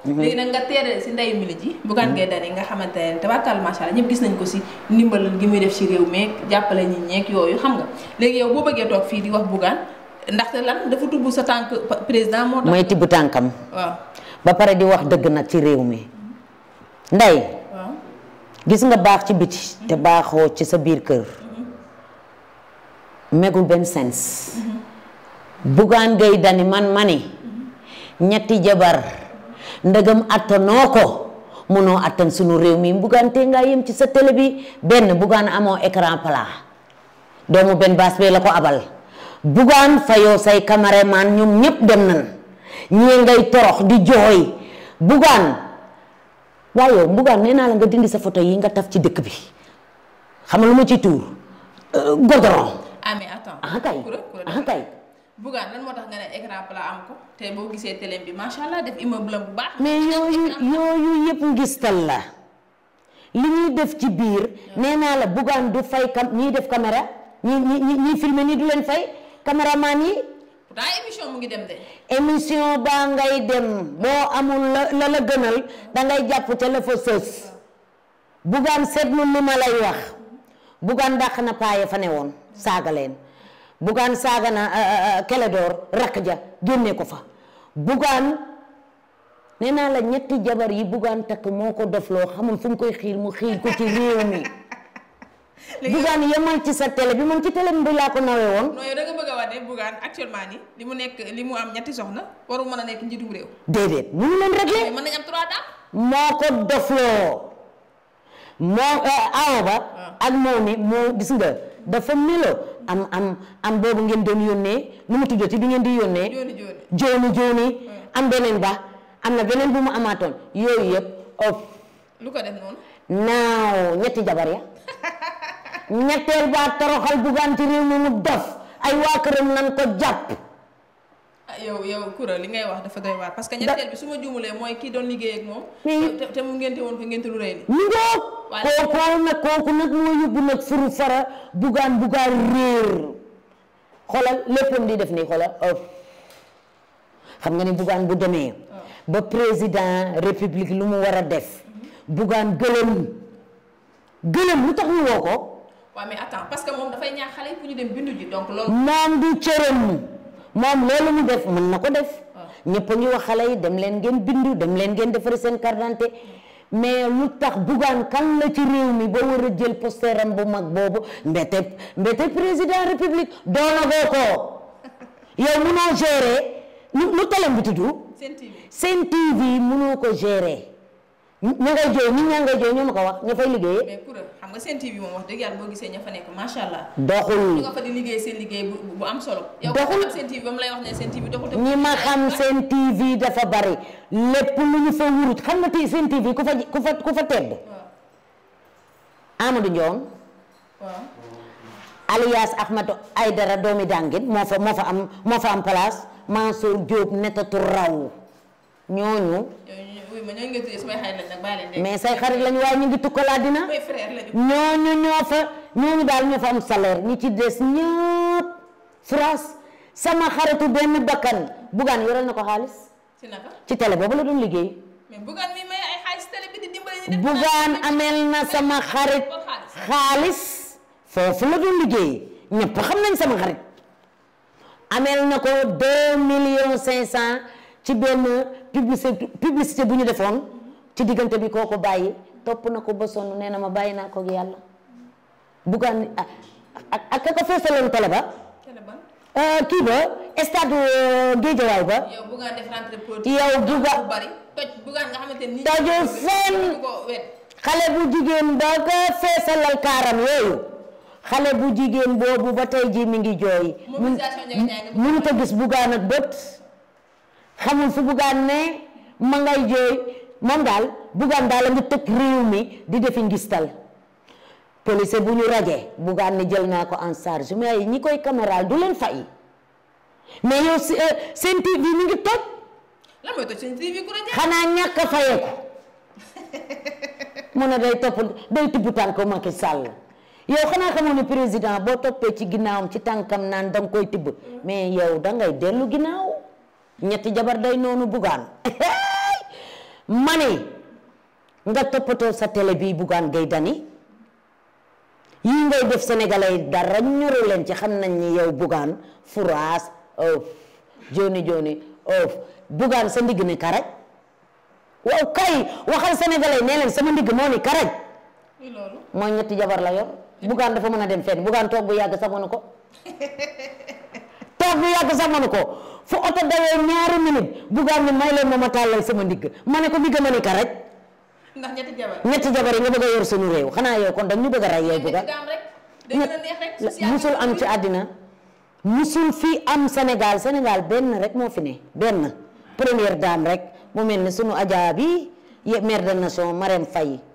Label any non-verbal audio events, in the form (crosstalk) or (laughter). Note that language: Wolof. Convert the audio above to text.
Mhm. léegi nag nga teere si ndeyu mili ji bukan ngay dane nga xamante ne tabarkal macha allah ñëpp gis nañ ko si ndimbalal gi muy def si réew meeg mhm. jàppale ñi ñeeg yooyu xam nga léegi yow boo bëggee toog fii di wax bugaan ndaxte lan dafa tubb sa tànk président moo tax mooy tibb tànkam waaw ba pare di wax dëgg nag ci réew mi nday waaw gis nga baax ci biti te baaxoo ci sa biir kër megul benn sens mhm. bugaan ngay dani man mani ñetti jabar ndegam atonoko ko munoo attan sunu rew mi mbugaan te nga ci sa tele bi ben bugan amo écran plat doomu ben baas bee abal bugan fayo yow say cameraman ñum ñep dem nan ñi ngay torox di joy bugan wayo bugan neena la nga dindi sa photo yi nga taf ci dekk bi xam ci tour eh, ah attends ah kay ah kay Bougane lan moo tax nga ne boo gisee télé bi macha allah def immeuble bu baax. mais yooyu yooyu yëpp ngistal la li ñuy def ci biir. nee naa la Bougane du fay cam ñiy def caméra ñi ñi ñi nii du leen fay caméraman yi. pourtant émission mu ngi dem émission baa ngay dem boo amul la la gënal da ngay jàpp ca la fa sës. Bougane seetlu lu ma lay wax. Bougane dàq na paaye fa ne woon saaga leen. bukan sagana na eh, Clédor eh, eh, rakk ja genné ko fa bukan nee la ñetti jabar yi bukan tak moko def lo xamul fu mu koy mu xiir ko ci réew mi (laughs) bukan yamal ci sa télé bi man ci télé mbi la ko nawé won no yow da nga bëgg wa dé bukan actuellement ni limu mu nekk li am ñetti soxna waru mëna a nekk njiitum réew mu ñu leen réglé mëna nañ am trois dames moo ko defloo moo awo ba ah. ak momi mo gis nga dafa melo am am am boobu ngeen doon yónnee nu mu ci bi ngeen di yónnee jooni jooni am beneen ba am na beneen bu mu amaatoon yooyu yëpp lu ko def naaw ñetti jabar ya (laughs) ñetteel baa toroxal buggaan ci réew mi mu dof ay waa këram nan ko jàpp yow yow ya, kura li ngay ya, wax dafa doy waar parce que ñetteel bi su ma juumulee ya, mooy kii doon liggéey ak moom. kii te mu ngénte woon ko ngénte lu rëy li. ñu ngoog. waaw kooku nag kooku nag moo yóbbu furu fara bugaan bugaan réer xoolal léppam di def nii xoolal xam nga ni bugaan bu demee. ba président république lu mu war def. bugaan gëlëm gëlëm lu tax ñu woo ko. waaw mais attends parce que moom dafay ñaax xale yi ñu dem bindu ji donc loolu. moom du cëram. moom loolu mu def mën na ko def ah. ñëpp a ngi wax xale yi dem leen ngeen bindu dem leen ngeen defari seen carte mais lu tax Bougane kan la ci réew mi ba war a jël posteram bu mag boobu mbete mbete président république doonagoo ko yow munoo gérer lu lu télé bi tudd TV munoo ko gérer ña ngay jooy nit ñaa ngay jooy ñoo ma ko wax xam seen TV am solo. doxul yow seen TV ba mu lay wax ne seen TV doxul. ma dafa bari lépp lu ñu fa wurut xam nga tey seen TV ku fa ku fa tedd. Amadou Ndione. waaw. alias Ahmadou Aydara doomi dàngit moo fa moo fa am moo fa am place raw ñooñu. mais say xarit lañu waaye ñu ngi tukkalaa dina ñooñu ñoo fa ñooñu daal ñoo fa am salaire ñi ci des ñëpp France sama xaritu benn bakkan Bougane yoral na ko xaalis ci télé boobu la doon liggéey Bougane ameel na sama xarit xaalis foofu la doon liggéey ñëpp xam nañ sama xarit ameel na ko ci benn publicité publicité bu ñu defoon ci diggante bi kooku bàyyi topp na ko ba sonn nee na ma bàyyi naa kook ak yàlla buggaan ah, ak ak ka ko feesaloon télé ba euh, kii ba stade euh, géejawaay ba yow buggaan def rentrée xale bu jigéen ba ko feesalal kaaram yooyu xale bu jigéen boobu ba tey ji mi ngi jooy mun mënut a gis buggaan ak bët xamul fu bugan ne ma ngay jey moom dal bugan dal nga ngi rew mi di def ngistal police bu ñu rajee buggaan ne jël nako en charge mais ñi koy caméra du len fay mais yow euh, sen TV mi ngi tok la moy toj sen TV ku rajee xana ñak fayé ko mo na day top day tan ko Macky Sall yow xana xamone président ci ginaawum ci tankam naan dang koy mm. mais yow ngay delu ginaaw ñetti jabar day nonu money. mané nga sa télé bi bugan gay dani yi ngay def sénégalais dara ñu rew leen ci xam nañ ni yow bugan of joni joni of bugan sa ndig ni karaj waw kay waxal sénégalais né leen sama ndig mo ni karaj mooy ñetti jabar la yor bugan dafa mëna dem fenn bugan bu ko (laughs) toog lu yàgg sax manu ko fu oto dawee ñaari minute buggaan ni may leen ma ma tàllal sama ndigg ma ne ko bi ma ne ka rek ndax ñetti jabar ñetti yi nga bëgg a yor suñu réew xanaa yow kon dañ ñu bëgg a rey yow bugga musul am ci àddina musul fii am Sénégal Sénégal benn rek moo fi ne benn première dame rek mu mel ni suñu ajaa yi mère de nation Marème Faye